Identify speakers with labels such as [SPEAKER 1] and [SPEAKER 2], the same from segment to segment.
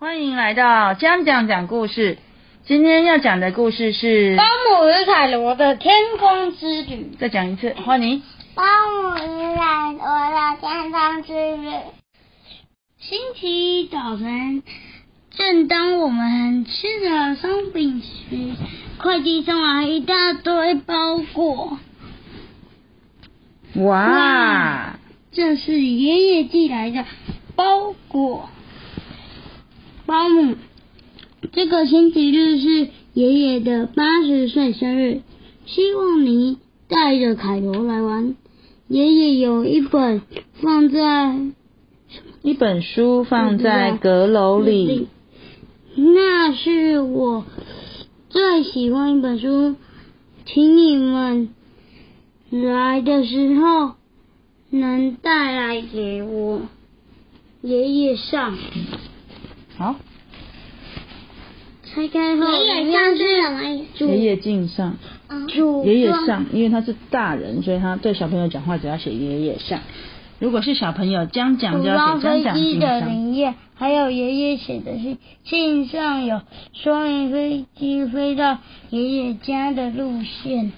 [SPEAKER 1] 歡迎來到江江講故事。今天要講的故事是《包姆與凱羅的天空之旅》。再講一次，歡迎。包姆與凱羅的天空之旅。星期一早晨，正當我們吃着鬆餅時，快遞送來一大堆包裹。哇，哇！這是爺爺寄來的包裹。包姆，這個星期日是爺爺的八十歲生日，希望你帶着凱羅來玩。爺爺有一本放在一本書放在閣樓裡，嗯、那是我最喜歡一本書，請你們來的時候能帶來給我爺爺上。好，拆開後爺爺上，爺爺敬上，主爺爺上，因為他是大人，所以他對小朋友講話，只要寫爺爺上。如果是小朋友江江，就要寫江江敬上。還有爺爺寫的是信上有雙人飛機飛到爺爺家的路線。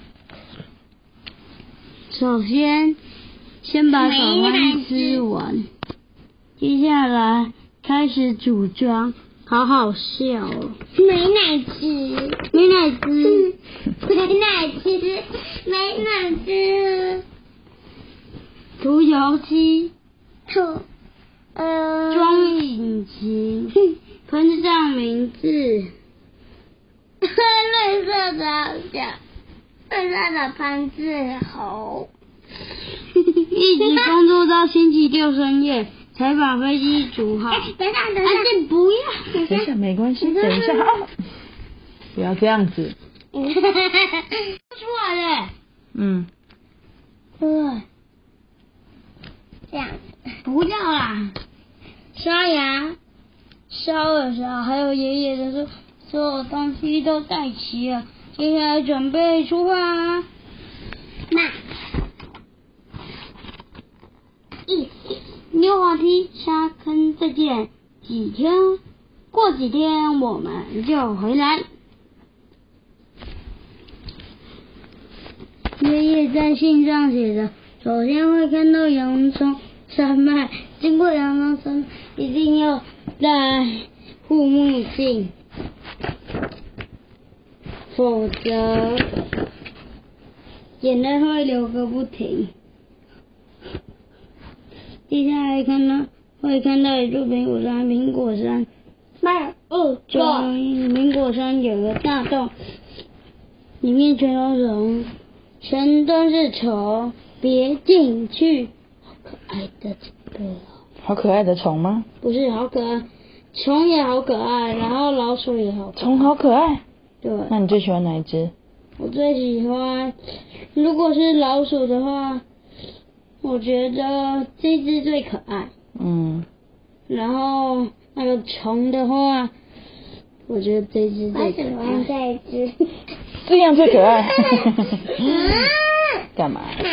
[SPEAKER 1] 首先先把早餐吃完，接下來。開始組裝，好好笑哦！美乃滋，美乃滋，美乃滋，美乃滋。塗油漆，塗呃，裝引擎，噴上、嗯、名字。綠 色的叫綠色的潘志豪，一直工作到星期六深夜。才把飛機煮好，等下等下，不要，等一下，等一下沒關係，等一下啊，不要這樣子， 出來了嗯，對、嗯，這樣，不要啦，刷牙，刷了刷，還有爺爺的時候，所有東西都帶齊了，接下來準備出發、啊。沙坑，再見！幾天，過幾天我們就回來。爺爺在信上寫着：首先會看到洋蔥山脈，經過洋蔥山一定要戴護目鏡，否則眼淚會流個不停。接下來看呢，會看到一座蘋果山，蘋果山，二這蘋果山有個大洞，裡面全都是蟲，全都是蟲，別進去。好可愛的這個、哦、好可愛的蟲嗎？不是，好可愛，蟲也好可愛，然後老鼠也好可愛。蟲好可愛。對。那你最喜歡哪一隻？我最喜歡，如果是老鼠的話。我覺得這隻最可愛。嗯。然後那個蟲的話，我覺得這隻最可愛。我喜歡這隻。這樣最可愛。 幹嘛？嗯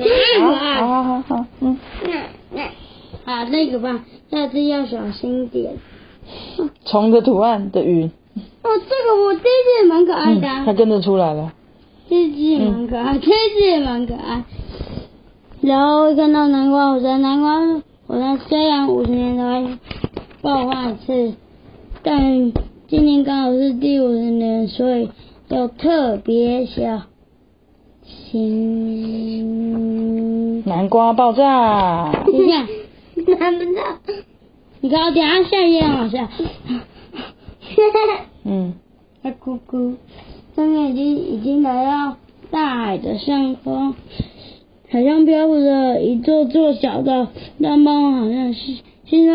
[SPEAKER 1] 嗯
[SPEAKER 2] 嗯、好，好好好
[SPEAKER 1] 好，嗯。那啊、嗯嗯。那個吧，下、那、次、個、要小心點。蟲的圖案的魚哦，這個我這隻也蠻可愛的。嗯、它跟着出來了。這隻也蠻可愛，嗯、這隻也蠻可愛。嗯然後會看到南瓜火山，南瓜火山雖然五十年才爆發一次，但今年剛好是第五十年，所以要特別小心。南瓜爆炸！等一下你看不到，你看我臉上像一樣。嗯，它咕咕，上面已經已經來到大海的上方。海上漂浮着一座座小島，但幫我好像是現在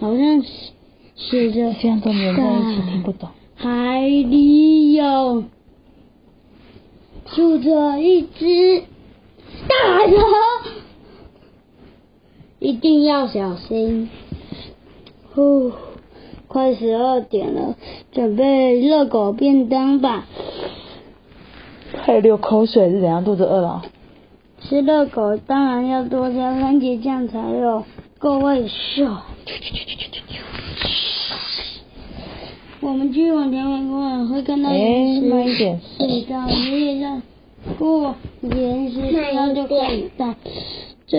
[SPEAKER 1] 好像是寫着。現在都連在一起，但聽不懂。海裡有住着一只大魚，一定要小心。哦，快十二點了，準備熱狗便當吧。還流口水是怎樣？肚子餓了。吃熱狗當然要多加番茄醬，才有夠味。咻咻、呃、我們繼續往前面過，會看到一條隧道。爺爺讓過岩石，這樣就可以帶。這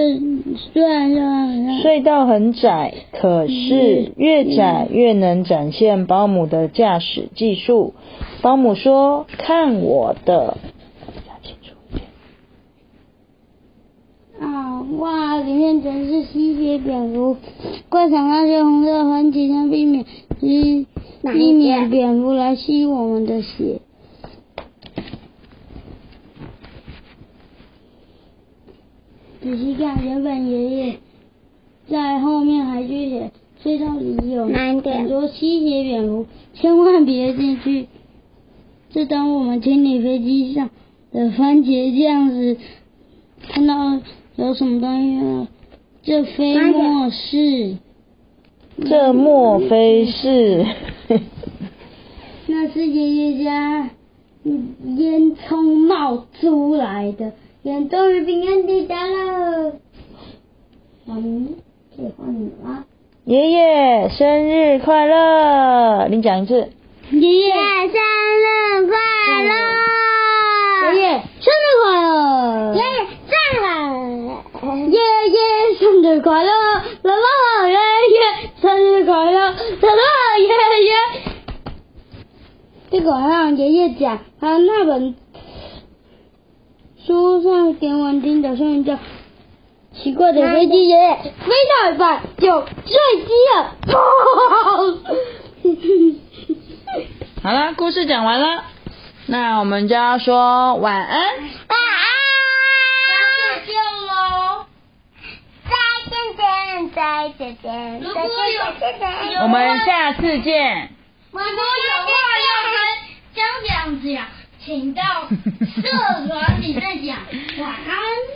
[SPEAKER 1] 雖然是很窄，隧道很窄，可是越窄越能展現包姆的駕駛技術。嗯嗯、包姆說：“看我的。”全是吸血蝙蝠，快想那些紅色番茄醬，先避免，避避免蝙、蝙蝠來吸我們的血。仔細看，原本爺爺在後面還去寫隧道裡有很多吸血蝙蝠，千萬別進去。這當我們清理飛機上的番茄醬時，看到有什麼東西了、啊。這非莫是？這莫非是？呵呵，那是爺爺家煙囪冒出來的煙，終於平安抵達了。小、嗯、明，可以換你嗎？爺爺生日快樂，你講一次。爺爺生日快樂。爺爺生日快樂。生日快樂，老爺爺，生日快樂，老爺爺。這個還讓爺爺講，還有那本書上給我們聽的，聲音叫奇怪的飛機，爺爺 Carbon. 飛到一半就墜機了。好了，故事講完了，那我們就要說晚安。現在，姐姐，如果有，在果有我們下次見。如果有話要講，講講講，請到社團裡再講。晚安。